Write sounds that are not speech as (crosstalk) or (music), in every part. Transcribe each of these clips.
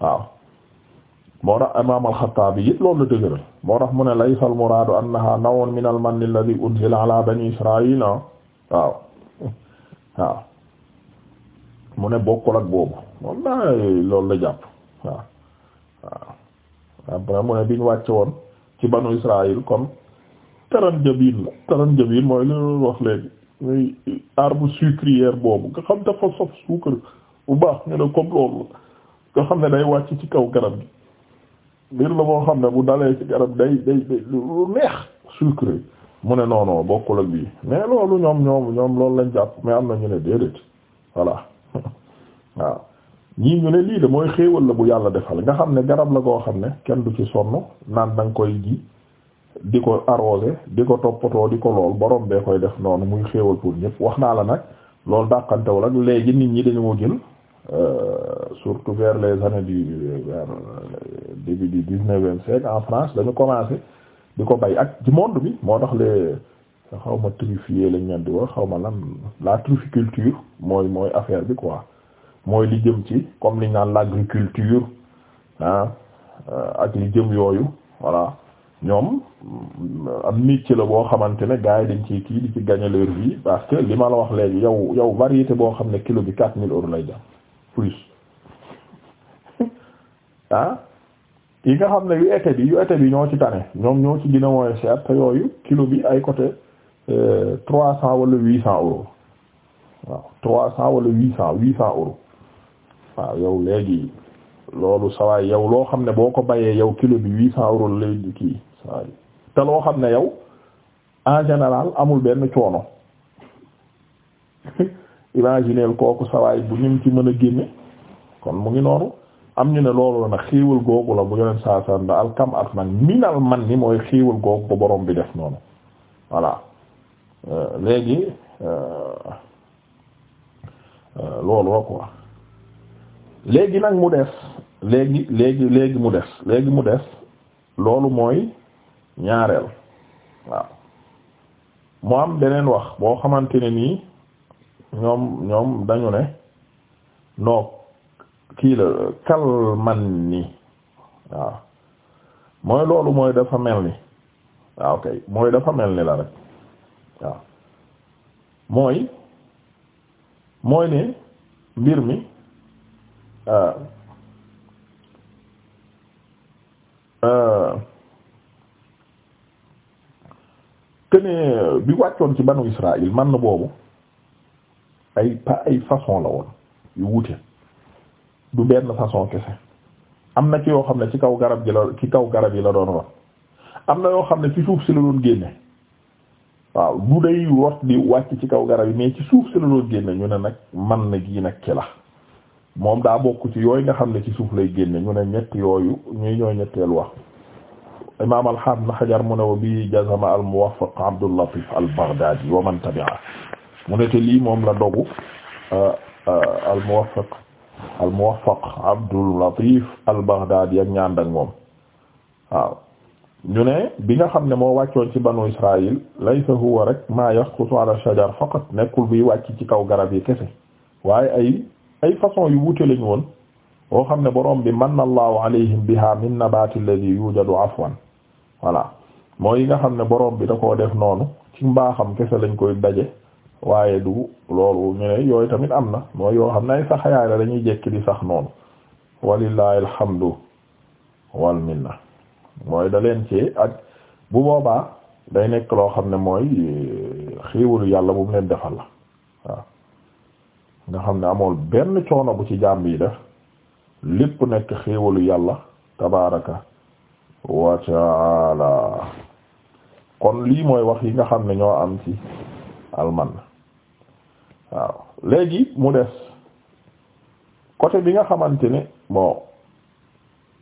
waaw moo tax imaam al-Xattaabi yit loolu la dëgëral moo tax mu ne laysa al-muraadu annahaa naw'un min al-manni alladhii unzila alaa banii israa'iila ah. waaw waaw mu ne bokkul ak boobu moom naa loolu la jàpp waaw waaw après mu ne biñ wàcce woon ci banu Israaïl comme taranjabiin la taranjabiin mooy li loolu wax léegi muy arbre sucrière boobu nga xam dafa sof suukar bu baax ñu ne comme loolu la nga xam ne day wàcc ci kaw garab gi mbir la moo xam ne bu dalee ci garab day day day lu neex sucré mu ne noonu bokkul ak bii mais loolu ñoom ñoom ñoom loolu lañ jàpp mais am na ñu ne déedéet voilà (laughs) waaw ñii ñu ne lii de mooy xéewal la bu yàlla defal nga xam ne garab la koo xam ne kenn du ci sonn naan da nga koy ji di ko arrosé di ko toppatoo di ko lool borom bee koy def noonu muy xéewal pour ñëpp wax naa la nag loolu dàqantewul ak léegi nit ñi dañoo jël Euh, surtout vers les années du vers euh, début du dix-neuvième siècle en France dañu commencé di ko bay ak ci monde bi moo tax les xaw ma truffier lañ leen di wax xaw ma lan la trufficulture mooy mooy affaire bi quoi mooy li jëm ci comme liñ naan l'agriculture ah euh, ak li jëm yooyu voilà ñoom am métier la boo xamante ne gars yi ci kii di ci gagner leur vie parce que li ma la wax léegi yow yow variété boo xam ne kilo bi quatre mille euros lay jar plus ah yi nga xam ne yu été bi yu été bi ñoo ci tane ñoom ñoo ci gën a mooy cher yooyu kilo bi ay côté euh, trois cent wala huit cent euros waaw trois cent wala huit cent huit cent euros waaw yow léegi loolu sawaay yow loo xam ne boo ko bayee yow kilo bi huit cent euros la léegi kii te loo xam ne yow en général amul benn coono (laughs) imagineel kooku sawaay bu ñu ci mën a génne kon mu ngi noonu am ñu ne loolu la nag xéewal googu la bu yoneen saa saa ndax kam at nag minal man ni mooy xéewal googu ko borom bi def noonu voilà euh, léegi euh, euh, loolu la quoi léegi nag mu des léegi léegi léegi mu des léegi mu des loolu mooy ñaareel waaw mu am beneen wax boo xamante ne nii ñoom ñoom dañu ne noo kii la kalman ni waaw mooy loolu mooy dafa mel ni waaw mooy dafa mel ni la rek waaw mooy mooy ne mbir mi kene euh, euh, bi wàccoon ci banu Israël man boobu ay pa ay façon la woon yu wute du benn façon kese am na ci yoo xam ne ci kaw garab gi la ci kaw garab yi la doon rot am na yoo xam ne ci suuf si la doon génne waaw du day rot di wàcc ci kaw garab yi mais ci suuf si la doon génne ñu ne nag man na gii nag ki la moom daa bokk ci yooyu nga xam ne ci suuf lay génne ñu ne ñett yooyu ñuy ñoo ñetteel wax imam alham na xajar mu ne wa bi jazama al muwaffaq abdul latif al baghdadi wa tabi'a mu ne te lii moom la dogu euh, euh, al muwaffaq al muwaffaq Abdul Latif al Baghdadi ak ñaan ak moom waaw ñu ne bi nga xam ne moo wàccoon ci banu Israël laysa huwa rek maa yasqutu ala shajar faqat nekkul buy wàcc ci kaw garab yi kese waaye ay ay façon yu wuute lañu woon boo xam ne boroom bi man allahu alayhim biha min nabati alladhi yujadu afwan voilà mooy yi nga xam ne boroom bi da ko def noonu ci mbaaxam kese lañ koy daje. waaye du loolu ñu ne yooyu tamit am na mooy yoo xam ne ay sax la dañuy jekki di sax noonu walillahi alhamdu wal minna mooy da ci ak bu boobaa day nekk loo xam ne mooy xiiwalu yàlla bu mu leen defal la waaw nga xam ne amool benn coono bu ci jàmm yi def lépp nekk xiiwalu yàlla tabaraka wa kon lii mooy wax yi nga xam ne ñoo am ci alman waaw léegi mu des côté bi nga xamante ne bon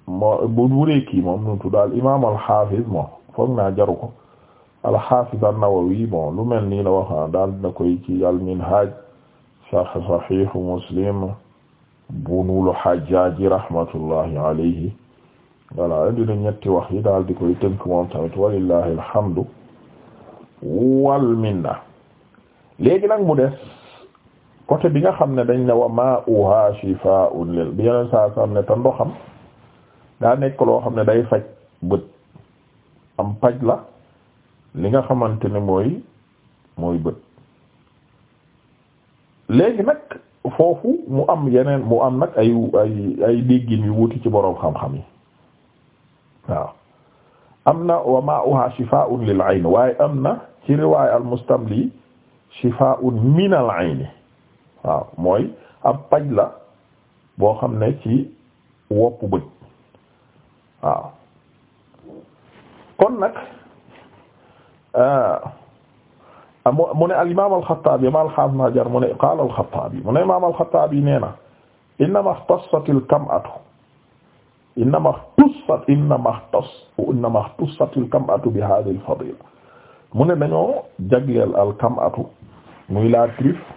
moo bu wuree moom nu tudd al imaam al xaafiz moom foog naa jaru ko al xaafiz an-Nawawi bon lu mel nii la waxaa ah, daal na koy ci al minhaj sharh sahih muslim bunul hajjaji rahmatullahi alayhi voilà dina ñetti wax yi daal di koy tënk moom tamit walillahi alhamdu wal minna léegi nag mu des côté bi nga xam ne dañ ne wa ma'uha shifaa'un lil bi yeneen saa xam ne te ndoxam daa nekk loo xam ne day faj bët am paj la li nga xamante ne mooy mooy bët léegi nag foofu mu am yeneen mu am nag ay ay ay yu wuti ci boroom xam-xam yi waaw am na wa ma'uha shifaa'un lil ayn waaye am na ci riwaaya al mustamli shifaa'un min al ayn waaw mooy ab paj la boo xam ne ci woppu bët waaw kon nag euh, mu ne al imaam al Xattaabi na mu ne qaala al Xattaabi mu ne imaam al Xattaabi nee na innama xtassatil kam'atu innama xtussat innama xtas innama xtussatil kam'atu bi haadhihi al fadila mu ne dañoo jagleel al kam'atu muy la truffe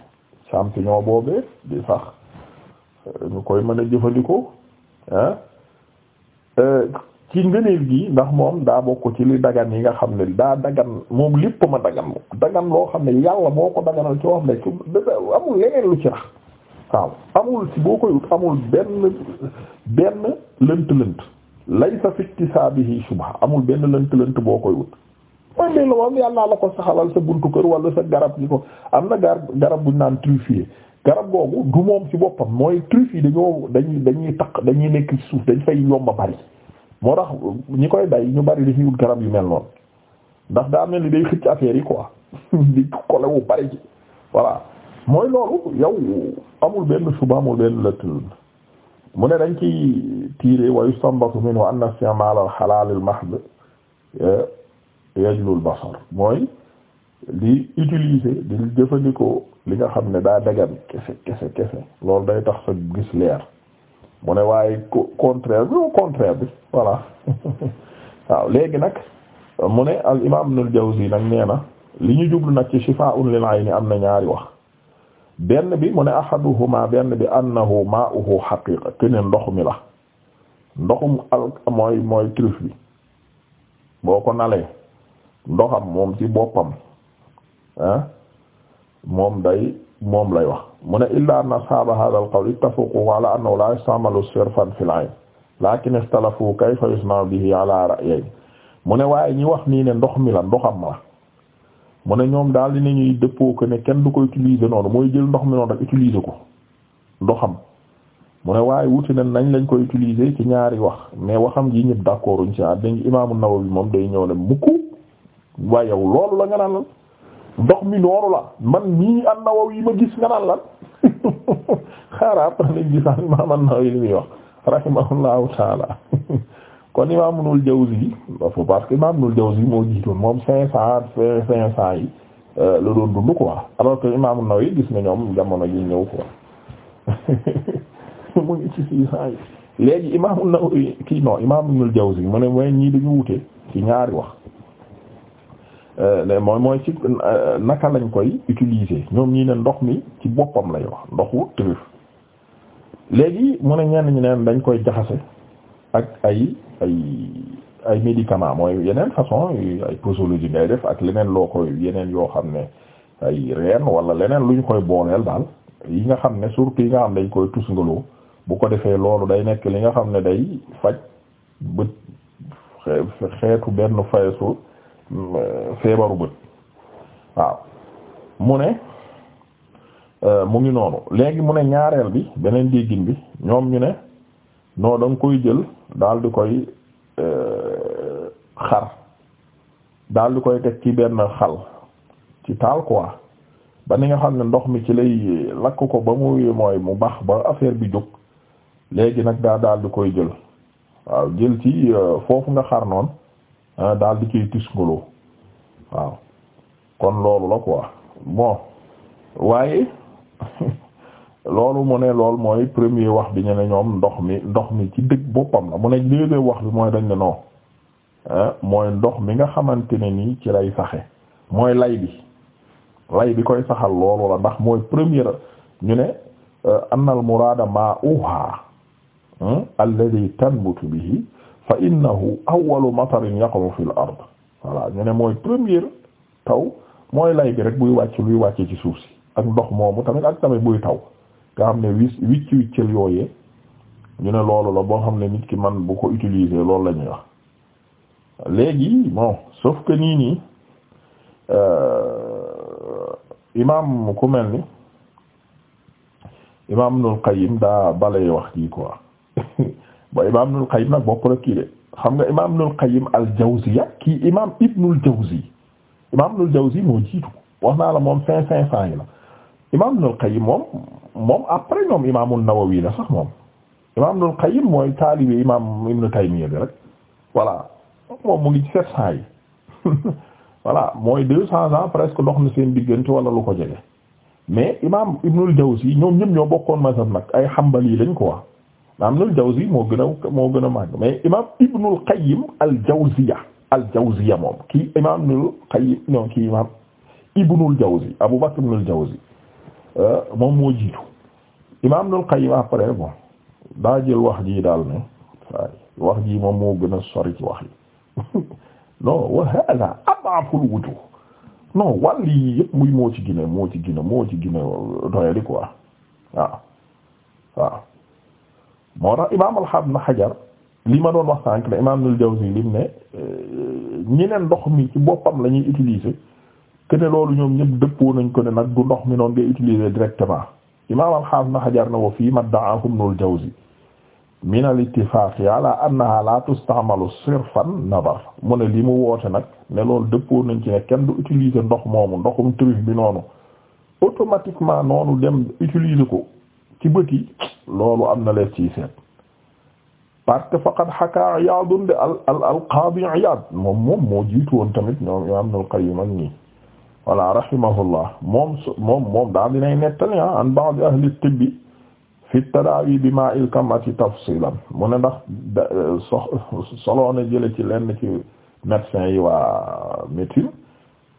champignon boobee di sax euh, ñu koy mën a jëfandikoo ah ci ngëneel gi ndax moom daa bokk ci li dagan yi nga xam ne daa dagan moom lépp ma dagan dagan loo xam ne yàlla boo ko daganal ci wax ne amul leneen lu ci rax waaw amul boo koy ut amul benn benn lënt lënt laysa fi iktisaabihi subha amul benn lënt lënt boo koy ut indi la woon yàllaa la ko saxalal sa buntu kër wala sa garab gi ko am na gar garab buñ naan truffier garab googu du moom ci boppam mooy truffier dañoo dañuy dañuy taq dañuy nekk ci suuf dañ fay yomba bari moo tax ñi koy day ñu bari dañuy wut garab yu mel noonu ndax daa mel ni day xëcc affaire ko quoi (laughs) di kole wu bari ci voilà mooy loolu yow amul benn suba amul benn lëttalul mu ne dañ ci tiire wayu sambatu min wa anna simal al halal al mahd eh, yajlul basar mooy di utiliser di jëfandikoo li nga xam ne daa dagan kese kese kese loolu day tax sa gis leer mu ne waaye contraire bi au contraire bi voilà (laughs) waaw léegi nag mu ne al imaam Ibnul Jawzi nag nee na li ñu jublu nag ci shifaa'un lil ni am na ñaari wax benn bi mu ne ahaduhuma benn bi annahu maa'uhu haqiqa keneen ndox mi la ndoxum al mooy mooy truffe bi boo ko nalee ndoxam moom ci boppam ah, moom day moom lay wax mu ne illa anna ashaba na al-qawl ittafaqu ala annahu la yastamalu sirfan fil ayn lakin ikhtalafu kayfa yusna bihi ala ra'yayn mu ne waaye ñi wax nii ne ndox mi la ndoxam la mu ne ñoom daal di ñuy dëppoo ko ne kenn du ko utiliser noonu mooy jël ndox mi noonu rek utiliser ko ndoxam mu ne waaye wuti na nañ lañ koy utiliser ci ñaari wax mais waxam ji ñëpp d'accorduñ ci ah dégg nga imaamu Nawawi moom day ñëw ne mukk waaye yow loolu la nga naan lan ndox mi nooru la man mii an yi ma gis nga naan lan (laughs) xaaral après nañ gisaan imaam An-Nawawi li muy wax rahimahullahu taala (laughs) kon imaam Ibnul Jawzi dafa parce que imaam Ibnul Jawzi moo jiitoon moom cinq yi euh, la doon dund quoi alors gis na ñoom jamono ji ñëw quoi (laughs) mu ngi ci six cent yi léegi imaam An-Nawawi kii non imaam Ibnul Jawzi mu ne mooy ñii dañu wute ci ñaari wax Euh, mooy mooy ci euh, naka lañ koy utiliser ñoom ñii ne ndox mi ci boppam lay wax ndoxu truffe léegi mu ne ñenn ñu neen dañ koy jaxase ak ay ay ay médicament mooy yeneen façon ay posologie ngay def ak leneen loo koy yeneen yoo xam ne ay reen wala leneen lu ñu koy booleel daal yi nga xam ne surtout yi nga xam ne dañ koy tusngaloo bu ko defee loolu day nekk li nga xam ne day faj bët xeetu benn fayasu feebaru bët waaw mu ne euh, mu ngi noonu léegi mu ne ñaareel bi beneen déggin bi ñoom ñu ne noo da nga koy jël daal koy euh, xar daal koy teg ci benn xal ci taal quoi ba ni nga xam ne ndox mi ci lay euh, lakk ko ba muy mooy mu baax ba affaire bi jóg léegi nag daa daal di koy jël waaw jël ci foofu nga xar noon Ah, daal di koy tisngaloo waaw kon loolu la quoi bon waaye (laughs) loolu mu ne lool mooy premier wax bi ñu ne ñoom ndox mi ndox mi ci dëgg boppam la mu ne deuxième wax bi mooy dañ ne non ah, mooy ndox mi nga xamante ne nii ci lay saxe mooy lay bi lay bi koy saxal loolu la ndax mooy première ñu ne ah, anna al muraada ma'uha hmm, alladhi tanbutu bihi fa innahu awwalu matarin yaqa'u fil ard voilà ñu ne mooy première taw mooy lay bi rek buy wàcc luy wàccee ci suuf si ak ndox moomu tamit ak tamit buy taw nga xam ne wis wicc wiccal yooyee ñu ne loolu la boo xam ne nit ki man bu ko utiliser loolu la ñuy wax léegi bon sauf que nii nii euh, imaam ku mel ni imaam Ibnul Qayyim daa balay wax kii ko ba imaam Ibnul Qayyim nag bopp rek kii de xam nga imaam Ibnul Qayyim al-Jawziyya kii imaam Ibnul Jawzi imaam Ibnul Jawzi moo jiitu wax naa la moom cinq cinq cent yi la imaam Ibnul Qayyim moom moom après ñoom imaam an-Nawawi la sax moom imaam Ibnul Qayyim mooy taalibe imaam Ibnu Taymiyya bi rek voilà moom mu ngi ci sept cent yi (laughs) voilà mooy deux cents ans presque dox na seen diggante wala lu ko jege mais imaam Ibnul Jawzi ñoom ñëpp ñoo bokkoon mazhab nag ay Hanbali lañ ko wax Ibnul Jawzi moo gën a moo gën a màgg mais imaam Ibnul Qayyim al-Jawziya al-Jawziya moom kii imaam Ibnul Qayyim non kii imaam Ibnul Jawzi Abu Bakr Ibnul Jawzi euh, moom moo jiitu imaam Ibnul Qayyim après bon daa jël wax jii daal ne wax jii moom moo gën a sori ci wax yi (laughs) non wa hada ab'aful wujuh non wàll yi yëpp muy moo ci gën a moo ci gin a moo ci gën a doyali quoi waaw waaw. moo tax imaam al-Hafiz Ibn li ma doon wax sànq ne imaam Ibnul Jawzi lim ne euh, ñeneen ndox mi ci boppam la ñuy utiliser que ne loolu ñoom ñëpp dëppoo nañ ko ne nag du ndox mi noon ngay utiliser directement imaam al-Hafiz Ibn Hajar ne wa fii madda'ahu Ibnul Jawzi min al-ittifaaq ala annaha la tusta'malu sirfan nadar mu ne li mu woote nag ne loolu dëppoo nañ ci ne kenn du utiliser ndox moomu ndoxum trif bi noonu automatiquement noonu dem utiliser ko. ci bët yi loolu am na lees ciy seet parce que faqad xaka Iyaadun de al al al qaadi Iyaad moom moom moo jiitu woon tamit ñoom ñoom Ibnul Qayyim ak ñii voilà rahimahullah moom moom moom daal dinay nettali ah an ba'd tibbi fi tadaawi bi maa'il kamati tafsilan mu ne ndax solo na jële ci lenn ci médecin yi waa médecine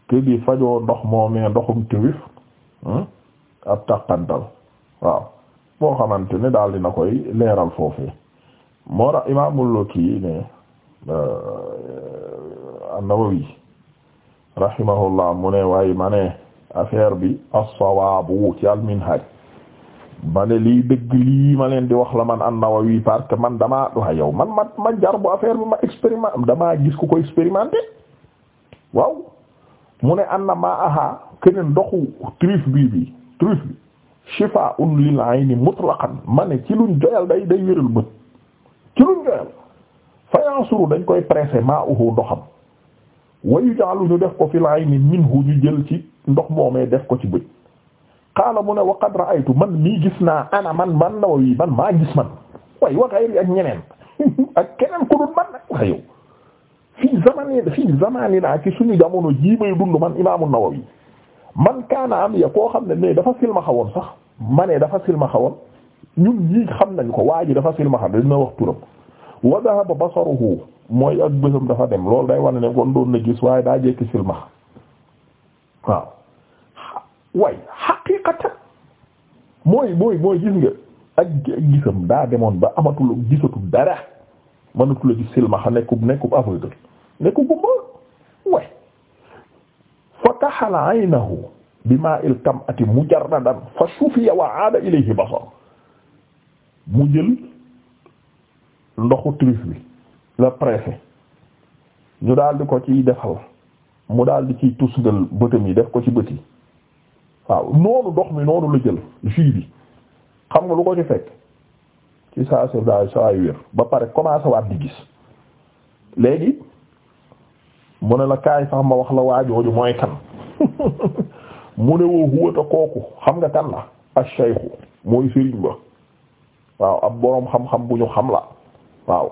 kër gi fajoo ndox moomee ndoxum tiwif hmm, ab taqantal waaw boo xamante ne daal dina koy leeral foofu moo tax imaamul kii ne euh, an-Nawawi mu ne waaye ma ne affaire bi as-sawaabu ci al-Minhaj ma ne lii dëgg lii ma leen di wax la man an-Nawawi man damaa waa yow man ma jar bu affaire bi ma expérimenté damaa gis ku ko expérimenté waaw mu ne an na aha keneen ndoxu truffe bii bi truffe bi shifaa'un lil ayni mutlaqan ma ne ci luñ joyal day day wéral bët ci luñ joyal fa yansuru dañ koy pressé maa'uhu ndoxam wa yuj'alu ñu def ko fil ayni minhu ñu jël ci ndox moomee def ko ci bët qaala mu ne wa qad ra'aytu man mii gis naa ana man man Nawawi man maa gis man way wa ghayri ak ñeneen (laughs) ak keneen ku dul man nag wax yow fii zamani fii zamani naa ci suñu jamono jii may dund man imaamu Nawawi man kaana am ya koo xam ne mais dafa silmaxa woon sax ma dafa silmaxa woon ñun ñii xam nañ ko waa ji dafa silmaxa dina wax turam wa dhahaba basaruhu mooy ak bësam dafa dem loolu day wane ne kon doon na gis waaye daa jekki silmaxa waaw way xaqiiqatan mooy mooy mooy gis nga ak gisam daa demoon ba amatul gisatul dara mënatul a gis silmaxa nekkub nekkub aveugle nekkub bu way fatahala aynahu bima il kam ati mujarradan fa sufiya wa aada ilayhi basar mu jël ndoxu truffe bi la pressé ñu daal ko ciy defal mu daldi di ciy tusngal bëtam yi def ko ci bët yi waaw noonu ndox mi noonu la jël jus xam nga lu ko ci fekk ci saa si daal saa yu ba pare commencé waat di gis léegi mu ne la kaay sax ma wax la waajooju mooy kan (laughs) mu ne woo huwata kooku xam nga kan la ash-shaykhu mooy sëriñ ba waaw ab boroom xam-xam bu ñu xam la waaw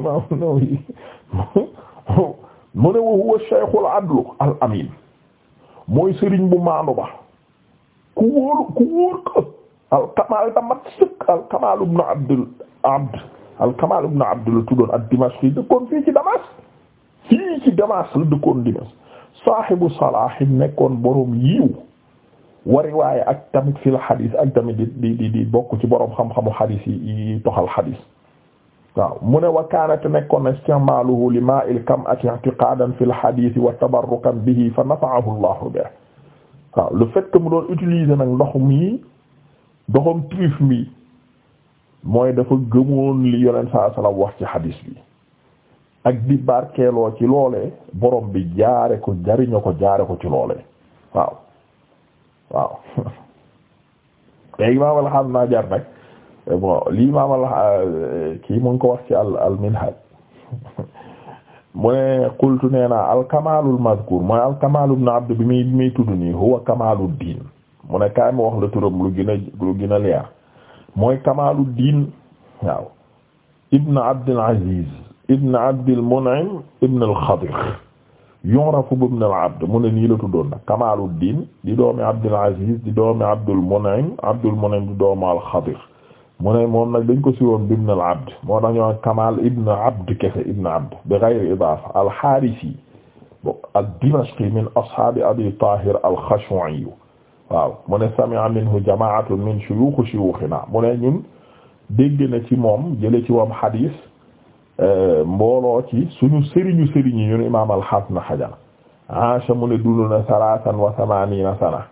(laughs) (laughs) mu ne wa huwa shaykhul adlu al amin mooy sëriñ bu maandu ba ku wóor ku wóor ko al kamal tamat sëkk al kamal ibn abdul abd al-Kamal ibn Abd la tuddoon ad-Dimashqi dëkkoon fii ci Damas fii ci Damas la dëkkoon Damas saahibu salaahi nekkoon borom yiiw wa riwaaya ak tamit fil xadis ak tamit di di di bokk ci borom xam-xamu xadis yi yi toxal xadis waaw mu ne wa kaanat nekkoon istimaaluhu li maa'il kam'ati i'tiqaadan fil xadis wa tabarrukan bihi fa nafa'ahu Allahu bihi waaw le fait que mu doon utiliser nag ndox mi doxam trif mi. mooy dafa gëmoon li yonent saa salaam wax ci xadiis bi ak di barkeeloo ci loole borom bi jaare ko jariño ko jaare ko ci loole waaw waaw léegi (laughs) maamal xam naa jar nag bon lii maamal kii mu ngi ko wax ci al al minhaj (laughs) mu ne qultu nee al kamalul mazkur mooy al kamalu ibn abd bi muy bi muy tudd nii huwa kamalu diin mu ne kaay mu wax la turam lu gën a lu gën a leer mooy Kamaaluddin waaw ibn Abdul Aziz ibn Abdul Mun'im ibn al-Khadir yu'rafu bi ibn al-Abd mu ne nii la tuddoon nag Kamaaluddin di doomi Abdul Aziz di doomi Abdul Mun'im Abdul Mun'im di doomi al-Khadir mu ne moom nag dañ ko siiwoon bi ibn al-Abd moo tax ñu wax Kamaal ibn Abd kefe ibn Abd bi ghayri idaafa al-Haarisi ak Dimashqi min ashaabi Abi Taahir al-Khashwa'i waaw mu ne sami'a minhu jamaatun min shuyukh shuyukhina mu ne ñun dégg na ci moom jële ci wam hadis euh, mbooloo ci suñu sëriñu sëriñi ñun imam al-Hasan mu ne dund na salaasan wa samaaniina sana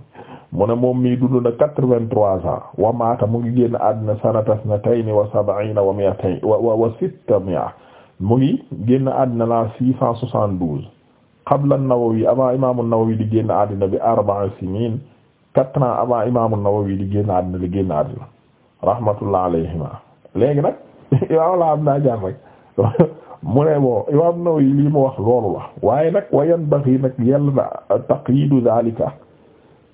(laughs) mu ne moom mii dund na quatre-vingt-trois ans wa maata mu ngi génn àddina sanata isnatayni wa sab'iina wa mu ngi génn àddina la six soixante-douze qabla an-Nawawi avant imaamu an-Nawawi di génn àddina bi arba'a sinin quatre ans avant imaamu an-Nawawi di génn àddina di génn àddina rahmatullah alayhima léegi nag (laughs) waaw laa am naa jaar rek (laughs) mu ne bon imaam an-Nawawi lii mu wax loolu la waaye nag wa yanbaghi nag yell na taqyidu dhalika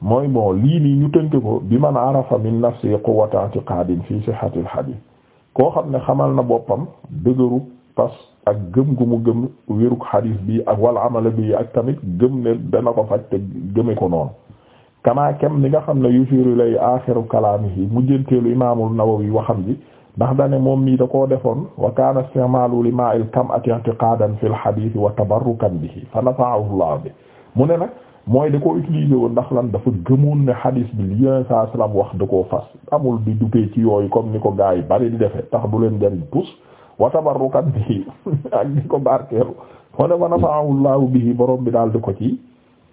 mooy bon lii nii ñu tënk ko bi man arafa min nafsi quwwata i'tiqadin fi sihhati al-hadith koo xam ne xamal na boppam dëgëru pas ak gëm gu mu gëm wérug xadiis bi ak wal amala bi ak tamit gëm ne dana ko faj te gëme ko noonu kamaa kem li nga xam ne yu yusiru lay axiru kalaamihi mujjanteelu imaamul Nawawi waxam ji ndax dane moom mii da koo defoon wa kaana istimaalu li maa'il kam'ati i'tiqaadan fil xadiis wa tabarrukan bihi fa nafa'ahu Allah bi mu ne nag mooy da ko utilisé woon ndax lan dafa gëmoon ne xadiis bi li yeneen saa wax da koo fas amul di dupee ci yooyu comme ni ko gaa yi tax du leen jariñ wa tabarrukan bi (laughs) ak di ko barkeelu moo ne fa nafa'ahu Allahu bihi borom bi daal di ko ci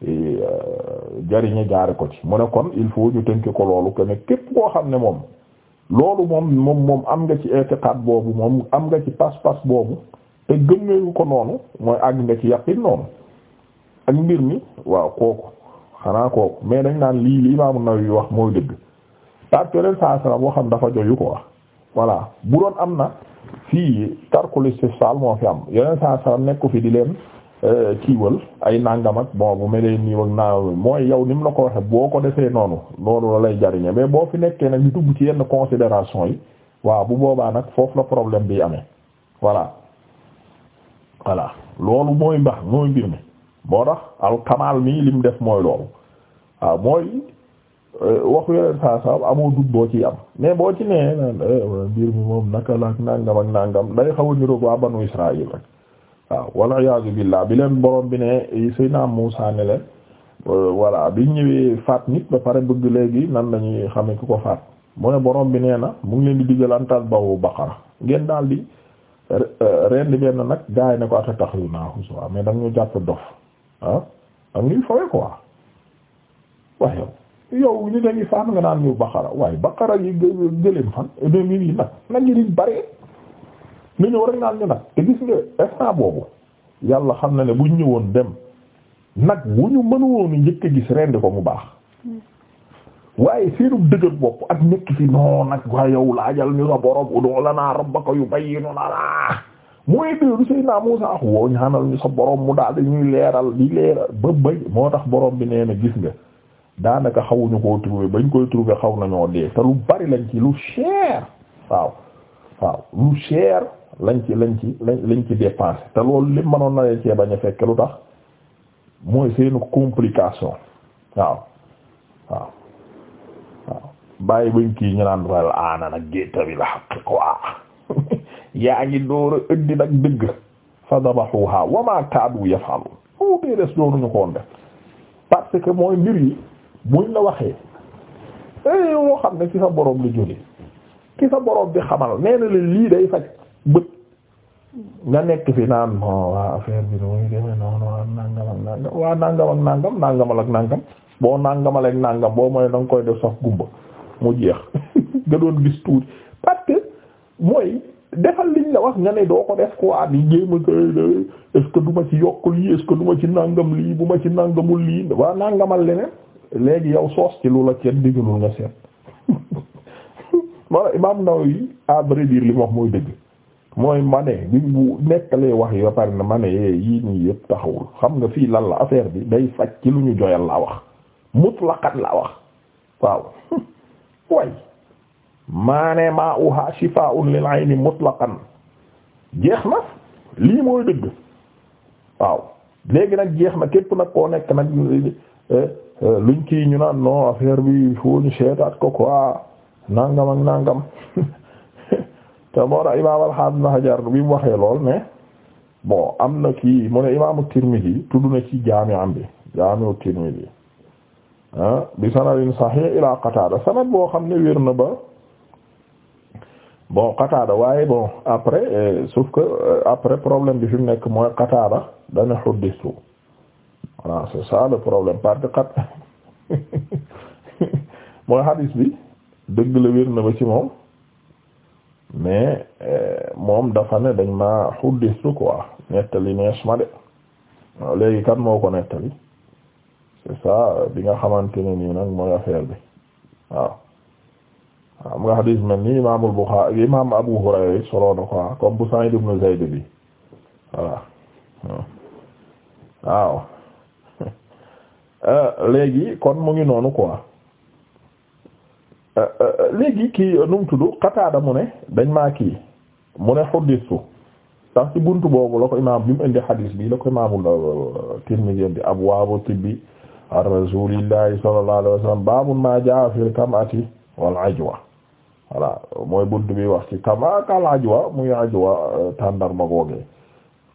e, euh, jariñe jaare ko ci mu ne kon il faut ñu tënk ko loolu que ne képp koo xam ne moom loolu moom moom moom am nga ci itiqaad boobu moom am nga ci pas-pas boobu te gëm nga ko noonu mooy àgg nga ci yaqin noonu ak mbir mi waaw kooku xanaa kooku mais dañ naan lii lii li Imaam Nawawi wax mooy dëgg parce que leen saa salaam boo xam dafa joyu ko wax voilà bu doon am na. fii tarkul istifsaal moo fi am yeneen saa saa nekku fi di leen euh, kiiwal ay nangam ak bon bu mel mooy yow ni mu la ko waxee boo ko defee noonu loolu la lay jariñe mais boo fi nekkee nag ñu dugg ci yenn considération yi waaw bu boobaa nag foofu la problème bi amee voilà voilà loolu mooy mbax mooy mbir mi moo tax al kamal mii lim def mooy loolu waaw mooy Euh, waxu yeneen saa saa amoo dut boo ci am mais boo ci nee naan euh, mbir mi moom naka la ak nangam ak nangam day xaw a niroog waa banu Israël rek waaw wal iyaazu billaah bi leen borom bi ne eh, Seydina Muusaa ne leen euh, voilà bi ñëwee faat nit ba pare bëgg léegi nan lañuy xame ku ko faat mu ne borom bi nee na mu ngi leen di digal an tasbahu baqara ngeen daal di ren di benn nag gaay ne ko atatakhizunaa huzwaa mais da nga ñu jàpp dof ah da yow ñu dañuy sànn nga naan ñu baqara waaye baqara yi gëléem fan ne mi yi nag nag yi diñ bëree nga ñëw rek naan ñu nag te xam na ne buñ ñëwoon dem nag bu ñu mën woonu njëkk a gis rendi ko mu baax waaye seenu dëgër bopp ak nekk ci non nag waa yow laajal ñu sa borom ud'u lanaa rabbaka yubayyinu lanaa mooy déeru Seydina Muusaa woo ñaanal ñu sa borom mu daal dañuy leeral di leeral ba bëy moo tax borom bi nee na gis nga daanaka xawuñu koo trouver bañ koy trouver xaw nañoo dee te lu bari lañ ci lu cher waaw waaw lu cher lañ ci lañ ci lañ lañ ci te loolu lépp mënoon na leen cee bañ a fekk lu tax mooy seenu complication waaw waaw waaw kii ñu naan wal la xaq quoi (laughs) yaa ngi door a ëddi nag dëgg fa dabahuha wa kaadu yafalu foo tee des doonuñu ko def parce que mooy mbir buñ la waxee eh, yoo xam ne ci sa borom lu jóge ki sa borom bi xamal nee na lii day faj bët nga nekk fi naan mo waa affaire bi noonu waa nàngam ak nàngam waa nàngam ak nàngam nàngamal ak nàngam boo nàngamal ak nàngam boo mooy danga koy def sax gumba mu jeex (laughs) nga doon gis tuuti parce mooy defal liñ la wax nga ne doo ko def quoi ni jéem a est-ce que ma ci yokk lii est-ce ci nàngam lii bu ci nàngamul lii waa nàngamal leneen léegi yow soos ci lu la kenn digalul nga seet moo Imaam Nawawi à vrai dire li mu wax mooy dëgg mooy ma ne bi nekkalee wax yi pare na ma ne eh, yii nii yëpp taxawul xam nga fii lan la affaire bi day faj ci lu ñu joyal laa wax mutlaqan laa wax waaw (laughs) way maa ne maa uha shifaa'un lil ayni mutlaqan jeex na lii mooy dëgg waaw léegi nag jeex na képp nag koo nekk nag eh, luñ kii ñu naan non affaire bi foo ñu seetaat ko quoi nangam ak nangam (laughs) te moo tax imaam al bi mu waxee lool mais bon am na kii mu ne imaamu yi tudd na ci jaami'am bi jaami'u Tirmidhi ah bi sanadin sahih ila Qatada sanad boo xam ne wér na ba bon Qatada waaye bo après eh, sauf que eh, après problème bi fi mu nekk mooy Qatada dana xuddisu voilà c'est ça le problème parce xat (laughs) mooy hadis bi dëgg la wér na ba ci moom mais euh, moom dafa ne dañ ma xuddistu quoi nettali nees ma de waaw léegi kan moo ko nettali c'est ça bi nga xamante ne nii nag mooy affaire bi waaw waaw mu nga hadis mel ni imaamul Buxaari imaam Abu Hurayra solo na quoi comme bu Saïd bi voilà waaw Euh, léegi kon mu ngi noonu quoi euh, euh, léegi kii nu mu tudd mu ne dañ maa ki mu ne xuddistu tax ci buntu boobu la ko imaam bi mu indi xadiis bi la ko imaamul Tirmidhi indi abwaabu tibbi an rasuulillahi sallallahu alayhi wasallam baabu maa jaa fil kamati wal ajwa voilà mooy buntu bi wax ci kama ajwa muy ajwa tàndar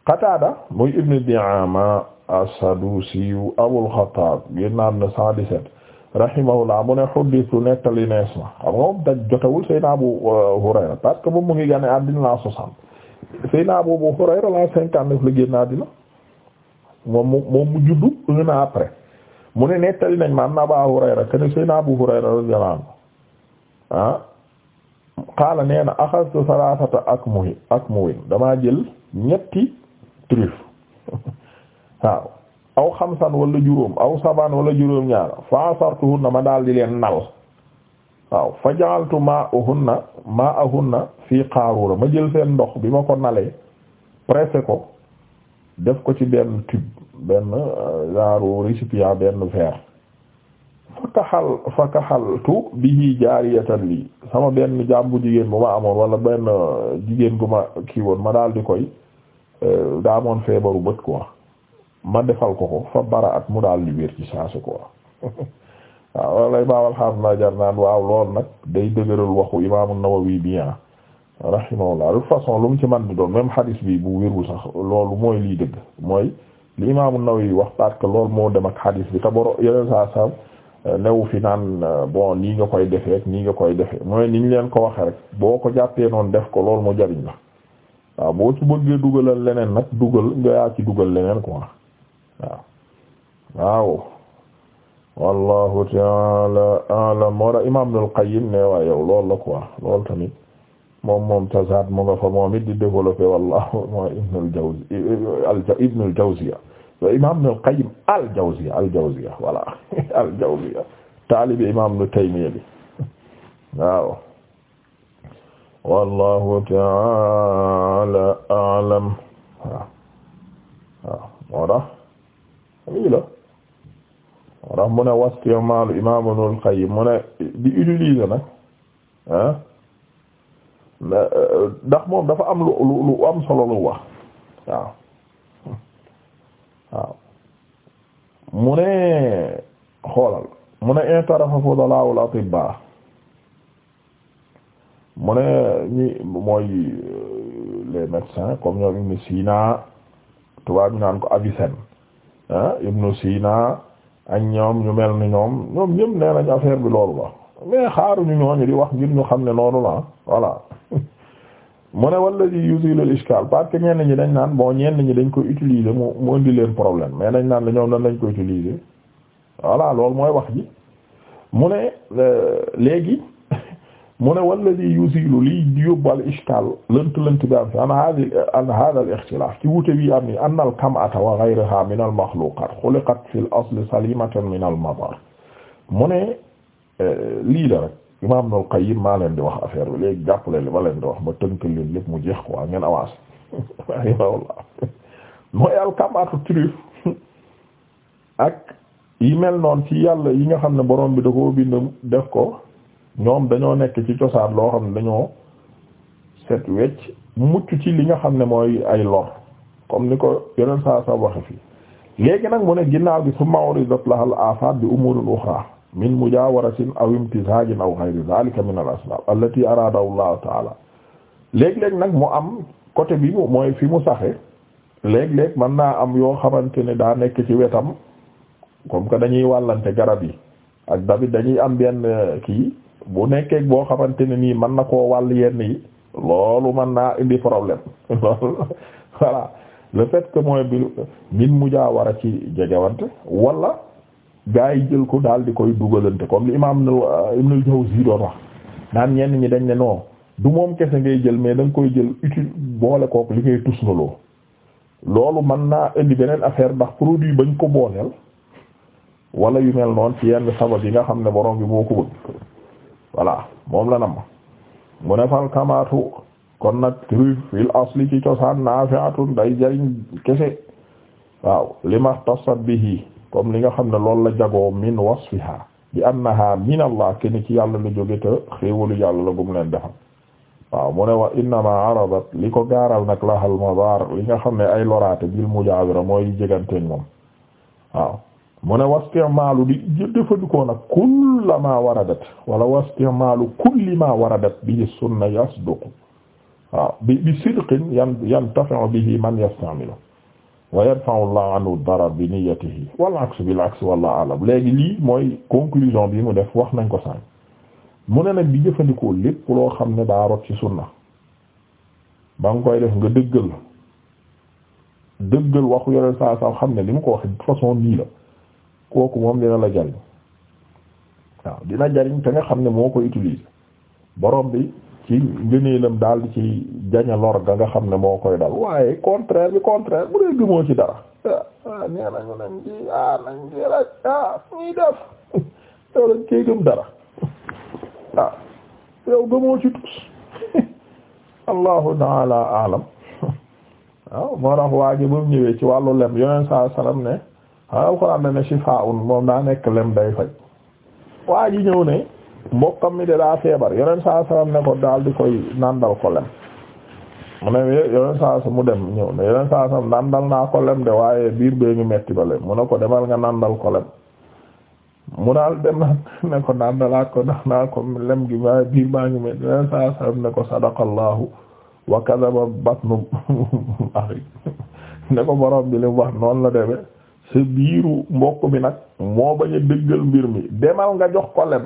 Qataada muy ibn Di'aama as-Sadusi Abul Xattaab génnaam na 117 rahimahullah mu ne hudditu nettali nees na xam nga moom daj jotawul Seydina Abu euh, Hurayra parce que moom mu ngi gane àddina la 60 Seydina Abu Hurayra la génn àddina moom mu mu juddu un an après mu ne nettali nañ ma anna Abu Hurayra ken Seydina Abu Hurayra radiyallahu anhu ah qaala nee na axadtu salaasata akmuhi akmuwin damaa jël ñetti. truffe waaw aw xamsan walla juróom aw saban wala juróom ñaar fa asartuhunna ma daal di leen nal waaw fa ja'altu ma'ahunna ma'ahunna fii qaarura ma jël seen ndox bi ma ko nalee pressé ko def ko ci benn tube benn euh, genre récipient benn verre fa kaxal fa kaxaltu bihi jaariyatan lii sama benn jaam jigéen bu ma amoon wala benn euh, jigéen gu ma kii ma daal di koy Euh, daa moon feebaru bët quoi ma defal ko ko fa bara at mu daal di wér ci saa su quoi (laughs) waaw loolu lay baawal xam naa jar naan waaw loolu nag day dëgëral waxu imaamu Nawawi bien ah, rahimahullah de façon lu mu ci man di doon même hadis bi bu wérul sax loolu mooy lii dëgg mooy li imaamu Nawawi wax parce que moo dem ak hadis bi te boro yeneen saa saa euh, newu fi naan euh, bon nii nga koy defee nii nga koy defee mooy niñ leen ko waxee rek boo ko jàppee noonu def ko loolu moo jariñ waaw boo ci bëggee dugalal leneen nag dugal nga yaa dugal leneen quoi waaw waaw wallahu taala alam wara imam Ibnul Qayyim ne waa yow loolu la quoi loolu tamit moom moom tazaat mu nga fa moom it di développé wallahu (laughs) mooy Ibnul Jawzi Ibnul Jawziya imam Ibnul Qayyim al Jawziya al (laughs) al Jawziya taalibi imam Ibnu Taymiyya bi waaw wallahu taala alam waaw waaw moo tax lii la moo tax mu ne wastimaalu imam mu ne di utiliser nag ah euh, ndax moom dafa am lu lu am solo lu wax waaw mu ne xoolal mu ne intarafa fudalaa'ul atibba mu ne ñi mooy euh, les médecins comme ñoom Ibn Sina tubaab ñu naan ko Avicenne ah Ibn Sina ak ñoom ñu mel ni ñoom ñoom ñëpp nee nañ affaire bi loolu la mais xaaruñu ñooñu di wax ngir ñu xam ne noonu la voilà (laughs) mu ne wala di yusilu al-ishkal parce que ñenn ñi dañ naan bon ñenn ñi dañ ko utiliser mu mu indi leen problème mais dañ naan la ñoom nan lañ ko utiliser voilà lool mooy wax ji mu ne euh, léegi. mu ne walladi yuzilu lii yóbbu ishkaal lënt lënt bi am fi an hadi an hada al ci wute wi am ni anna al kam'ata wa ghayraha min al maxluqaat xuliqat fi al asl min al mu ne eh, lii la rek imaam Ibnul Qayyim maa leen di wax affaire bi léegi jàppale li ma leen di wax ma tënk leen lépp mu jeex quoi ngeen avance (laughs) rahimahullah mooy al kam'atu ak yi mel noonu ci yàlla yi nga xam ne borom bi da koo bind def ko ñoom dañoo nekk ci cosaan loo xam ne dañoo set wecc mucc ci li nga xam ne mooy ay lor comme ni ko yeneen saa sa waxe fii léegi nag mu ne ginnaaw bi summa uridat laha al afat bi umurin uxra min mujawaratin aw imtizajin aw ghayri zalika min al asbab allati arada Allah taala léeg-léeg nag mu am côté bi mooy fi mu saxe léeg-léeg mën naa am yoo xamante ne daa nekk ci wetam kom que dañuy wàllante garab yi ak dabit dañuy am benn kii bu nekkee boo xamante ne nii mën na koo wàll yenn yi loolu mën naa indi problème (laughs) loolu voilà le fait que mooy bi min mujaawara ci jegewante wala gaa yi jël ko daal di koy dugalante comme li imaam Ibn al-Jawzi euh, doon wax naan ñenn ñi dañ ne non du moom kese ngay jël mais da koy jël utile boole kook li ngay tus loolu mën naa indi beneen affaire ndax produit bañ ko booleel wala yu mel noonu ci yenn sabab yi nga xam ne borom bi moo ko bëgg voilà moom la nam mu ne kamaatu kon nag fil asli ci cosaan nafi'atun day jariñ kese waaw lima tasat bihi comme li nga xam ne loolu la jagoo min wasfiha bi annaha min allah ken ci yàlla la jóge te xéewalu yàlla la gum leen defal waaw mu ne wa innama aradat li ko gaaral nag lahal madar li nga xam ne ay loraate bil mujaawira mooy jeganteel moom waaw mu ne wastimaalu di jëfandikoo nag kulla ma waradat wala wastimaalu kulli ma waradat bi sunna yasduq waaw bi bi sidqin yan yantafi'u bihi man yastamilu wa yarfa'u Allah anhu darar bi niyyatihi wal aks bil aks wallahu a'lam léegi lii mooy conclusion bi mu def wax nañ ko sànq mu ne nag bi jëfandikoo lépp loo xam ne daa rot ci sunna ba nga koy def nga dëggal dëggal waxu yore saa saa xam ne li mu ko waxee façon nii la kooku moom dina la jariñ waaw dina jariñ te nga xam ne moo ko utiliser borom bi ci ngëneelam daal ci jaña lor nga xam ne moo koy dal waaye contraire bi contraire bu dee gëmoo ci dara ah nee nañu nañ ci ah nañ ci ah ñuy def (laughs) yow lañ cee gëm dara (laughs) ah, yow gëmoo ci tus (laughs) allahu taala alam waaw ah, moo tax waa ba mu ñëwee ci wàllu lem yoneen saa salaam ne ko alxuraan ne ne shifaa'un moom daa nekk lem day faj waa ji ne mbokkam mi de daa feebar yeneen saa salaam ne ko daal di koy nandal ko lem mu ne yeneen saa sa mu dem ñëw ne yeneen saa salaam nandal ko lem de waaye biir bee ngi metti ba lem mu ne ko demal nga nandal ko lem mu daal dem na ne ko nandalaat ko ndax ko lem gi ne ko sadaqallahu wa kadaba batnu (laughs) ne ko borom bi wax noonu la demee sa biiru mbokk bi nag moo bañ a dëggal mbir mi demal nga jox ko lem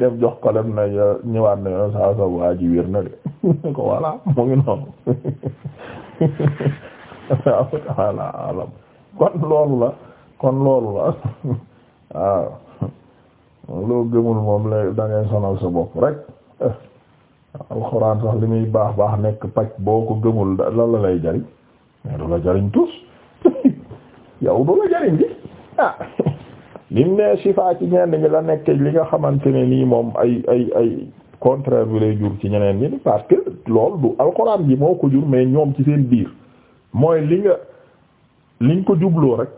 def jox ko lem na ñëwaat na yoon saa sa waa ji wér na de (laughs) ko voilà mu ngi noonu waaw (laughs) voilà alam kon loolu la kon loolu la (laughs) waaw loo gëmul moom la da ngay sonal sa bopp rek alxuraan sax li muy baax baax nekk paj boo ko gëmul la la lay jariñ mais du la jariñ tus yow du la jariñ bi ah (laughs) ne shifa ci ñenn ñi la nekk li nga xamante ne nii moom ay ay ay contraire bi lay jur ci ñeneen ñi parce que lool du alxuraan bi moo ko jur mais ñoom ci seen biir mooy li nga liñ ko jubloo rek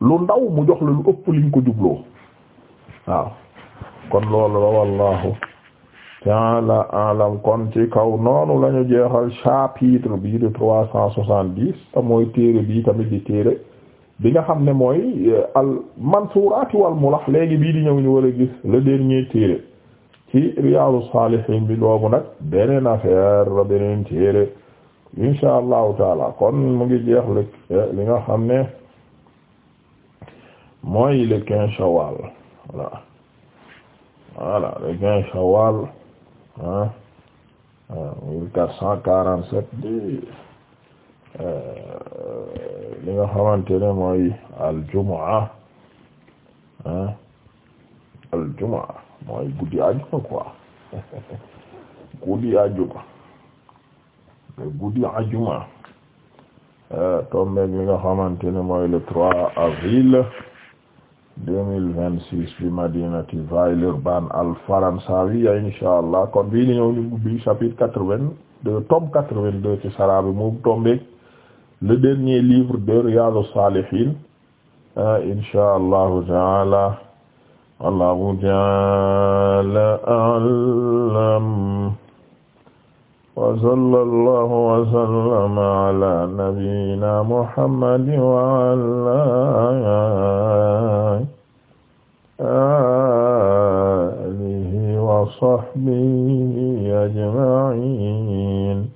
lu ndaw mu jox la lu ëpp liñ ko jubloo waaw kon loolu la wallahu ta'ala alam kon ci kaw noonu la jeexal chapitre bi de trois cent soixante-dix te mooy téere bi tamit di téere bi nga xam ne mooy euh, al mansuuraati wal mulax léegi bii di ñëw ñu war a gis le dernier téere ci Riyâdous Sâlihîne bi boobu nag beneen affaire la beneen téere insha allahu taala kon mu ngi jeex euh, li nga xam ne mooy le quinze Chawwâl voilà voilà le quinze Chawwâl ah euh, mille quatre cent quarante-sept Euh, li nga xamante ne mooy aljumaa ah aljumaa mooy guddi àjjuma quoi (laughs) guddi àjjuma guddi àjjuma euh, tombeeg li nga xamante ne mooy le 3 avril 2026 bi madinati Villeurbanne al faransawiya insha allah kon bii ni ñëw ñu ubbi chapitre 82 tome 82 ci sara bi mu tombeeg le dernier livre de Riyâdous-Sâlihîne euh, insha allahu taala allahu taala a'lam wa sallallahu wa sallama ala nabiyyina muhammadin wa ala alihi wa sahbihi ajma'in